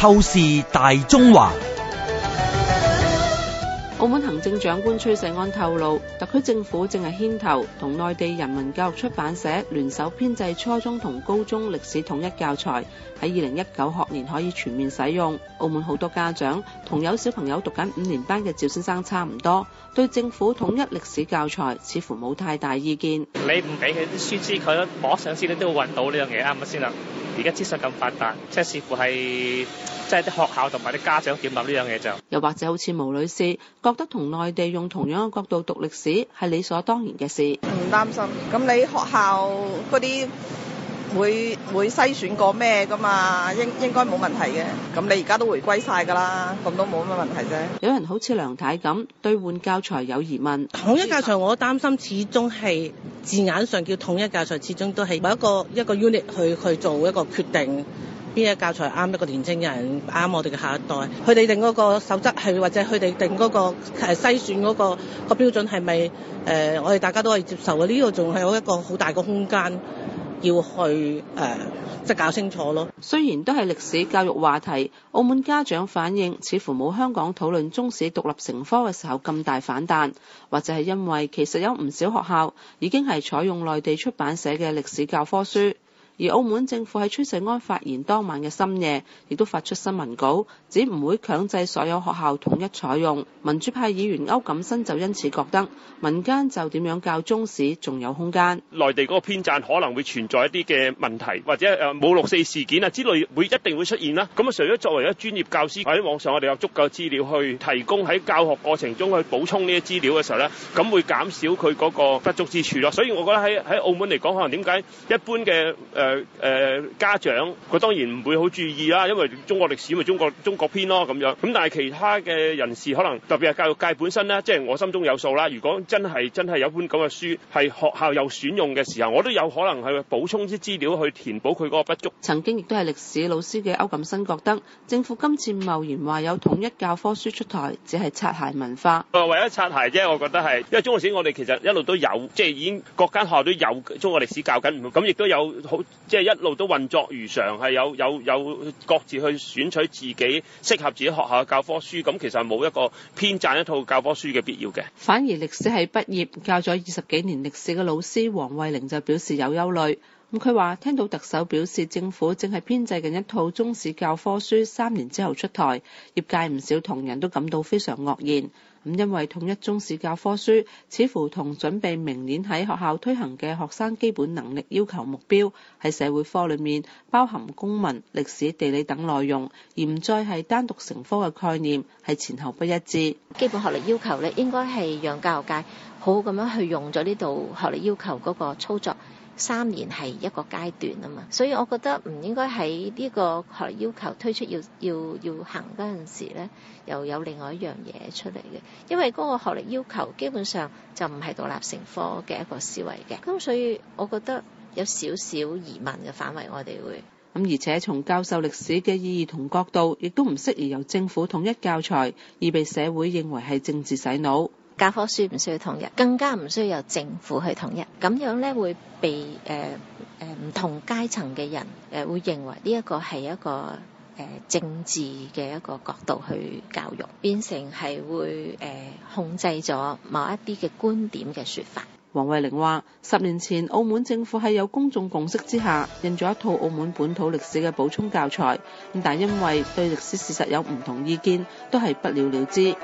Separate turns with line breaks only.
透視大中華。
澳門行政長官崔世安透露，特區政府正係牽頭同內地人民教育出版社聯手編製初中同高中歷史統一教材，喺二零一九學年可以全面使用。澳門好多家長同有小朋友讀緊五年班嘅趙先生差唔多，對政府統一歷史教材似乎冇太大意見。
你唔俾佢啲書枝，佢摸上司你都會揾到呢樣嘢，啱唔啱先啦？而家資訊咁發達，即係視乎係即係啲學校同埋啲家長點諗呢樣嘢就？
又或者好似毛女士覺得同內地用同樣嘅角度讀歷史係理所當然嘅事。唔擔心，咁你學校嗰啲？會會篩選過咩㗎嘛？應應該冇問題嘅。咁你而家都回歸晒㗎啦，咁都冇乜問題啫。有人好似梁太咁，對換教材有疑問。統一教材，我擔心始終係字眼上叫統一教材，始終都係某一個一個 unit 去去做一個決定，邊一教材啱一個年青人，啱我哋嘅下一代。佢哋定嗰個守則係，或者佢哋定嗰個誒篩選嗰個個標準係咪誒？我哋大家都可以接受嘅。呢個仲係有一個好大嘅空間。要去誒，即係搞清楚咯。雖然都係歷史教育話題，澳門家長反映似乎冇香港討論中史獨立成科嘅時候咁大反彈，或者係因為其實有唔少學校已經係採用內地出版社嘅歷史教科書。而澳門政府喺崔世安發言當晚嘅深夜，亦都發出新聞稿，指唔會強制所有學校統一採用。民主派議員歐錦新就因此覺得，民間就點樣教中史仲有空間。
內地嗰個編撰可能會存在一啲嘅問題，或者誒冇六四事件啊之類會，會一定會出現啦。咁啊，除咗作為一專業教師喺網上，我哋有足夠資料去提供喺教學過程中去補充呢啲資料嘅時候呢，咁會減少佢嗰個不足之處咯。所以，我覺得喺喺澳門嚟講，可能點解一般嘅誒？呃誒家長佢當然唔會好注意啦，因為中國歷史咪中國中國編咯咁樣。咁但係其他嘅人士可能特別係教育界本身啦，即係我心中有數啦。如果真係真係有本咁嘅書係學校有選用嘅時候，我都有可能去補充啲資料去填補佢嗰個不足。
曾經亦都係歷史老師嘅歐錦新覺得，政府今次貿然話有統一教科書出台，只係擦鞋文化。
為咗擦鞋啫，我覺得係，因為中國歷史我哋其實一路都有，即係已經各間學校都有中國歷史教緊，咁亦都有好。即係一路都運作如常，係有有有各自去選取自己適合自己學校嘅教科書，咁其實冇一個編撰一套教科書嘅必要嘅。
反而歷史系畢業教咗二十幾年歷史嘅老師黃慧玲就表示有憂慮。咁佢話聽到特首表示政府正係編製緊一套中史教科書，三年之後出台，業界唔少同仁都感到非常愕然。咁因為統一中史教科書似乎同準備明年喺學校推行嘅學生基本能力要求目標喺社會科裏面包含公民、歷史、地理等內容，而唔再係單
獨成科嘅概念，係前後不一致。基本學歷要求咧，應該係讓教育界。好咁樣去用咗呢度學歷要求嗰個操作三年係一個階段啊嘛，所以我覺得唔應該喺呢個學歷要求推出要要要行嗰陣時咧，又有另外一樣嘢出嚟嘅，因為嗰個學歷要求基本上就唔係獨立成科嘅一個思維嘅，咁所以我覺得我有少少疑問嘅範圍我哋會
咁而且從教授歷史嘅意義同角度，亦都唔適
宜由政府統一教材而被社會認為係政治洗腦。教科書唔需要統一，更加唔需要由政府去統一，咁樣咧會被誒、呃呃、唔同階層嘅人誒、呃、會認為呢一個係一個政治嘅一個角度去教育，變成係會、呃、控制咗某一啲嘅觀點嘅說法。王惠玲話：十年前澳門政府係有公眾共識之
下印咗一套澳門本土歷史嘅補充教材，咁但因為對歷史事實有唔同意見，都係不了了之。